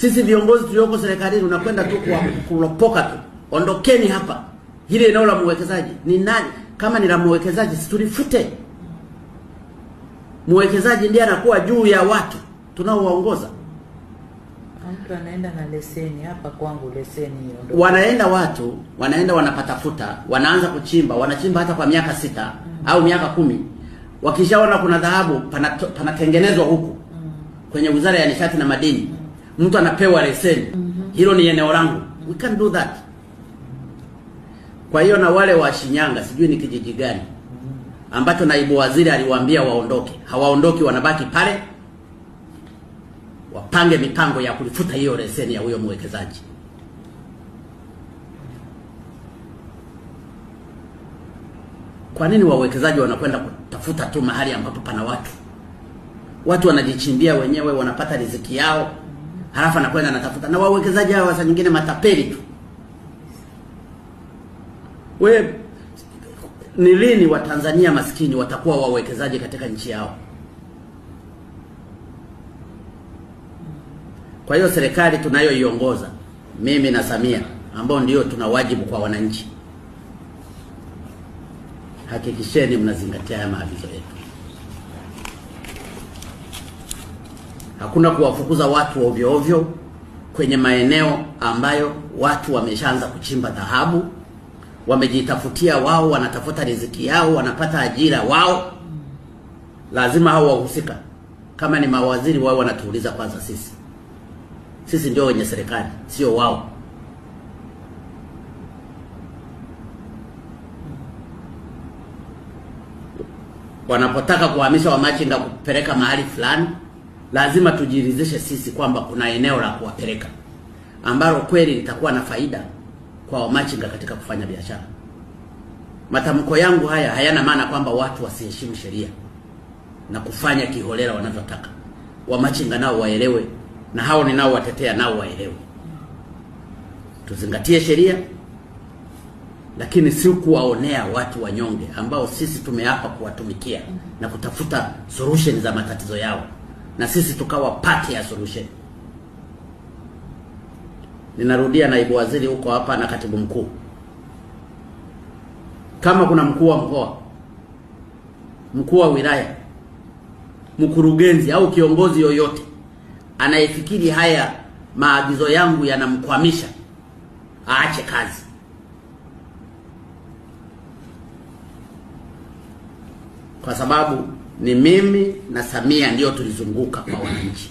Sisi viongozi tulioko serikalini unakwenda tu kulopoka tu, ondokeni hapa. Hili eneo la mwekezaji ni nani? Kama ni la mwekezaji, situlifute. tulifute. Mwekezaji ndiye anakuwa juu ya watu tunaowaongoza. Mtu anaenda na leseni hapa kwangu, leseni hiyo, wanaenda watu wanaenda wanapatafuta, wanaanza kuchimba, wanachimba hata kwa miaka sita mm -hmm. au miaka kumi. Wakishaona kuna dhahabu panatengenezwa pana huku mm -hmm. kwenye Wizara ya Nishati na Madini mm -hmm mtu anapewa leseni mm -hmm. hilo ni eneo langu, we can do that. Kwa hiyo na wale wa Shinyanga, sijui ni kijiji gani mhm. ambacho naibu waziri aliwaambia waondoke, hawaondoki, wanabaki pale, wapange mipango ya kulifuta hiyo leseni ya huyo mwekezaji. Kwa nini wawekezaji wanakwenda kutafuta tu mahali ambapo pana watu? Watu wanajichimbia wenyewe, wanapata riziki yao halafu anakwenda anatafuta. Na wawekezaji hawa saa nyingine matapeli tu. We, ni lini Watanzania maskini watakuwa wawekezaji katika nchi yao? Kwa hiyo serikali tunayoiongoza mimi na Samia, ambao ndio tuna wajibu kwa wananchi, hakikisheni mnazingatia haya maagizo yetu. hakuna kuwafukuza watu ovyo ovyo kwenye maeneo ambayo watu wameshaanza kuchimba dhahabu, wamejitafutia wao, wanatafuta riziki yao, wanapata ajira wao. Lazima hao wahusika kama ni mawaziri wao wanatuuliza kwanza sisi. Sisi ndio wenye serikali, sio wao. Wanapotaka kuhamisha wamachinga kupeleka mahali fulani lazima tujiridhishe sisi kwamba kuna eneo la kuwapeleka ambalo kweli litakuwa na faida kwa wamachinga katika kufanya biashara. Matamko yangu haya hayana maana kwamba watu wasiheshimu sheria na kufanya kiholela wanavyotaka. Wamachinga nao waelewe, na hao ninaowatetea nao waelewe, tuzingatie sheria, lakini si kuwaonea watu wanyonge ambao sisi tumeapa kuwatumikia na kutafuta solution za matatizo yao na sisi tukawa pati ya solution. Ninarudia, naibu waziri huko hapa na katibu mkuu, kama kuna mkuu wa mkoa, mkuu wa wilaya, mkurugenzi au kiongozi yoyote anayefikiri haya maagizo yangu yanamkwamisha, aache kazi. Kwa sababu ni mimi na Samia ndio tulizunguka kwa wananchi.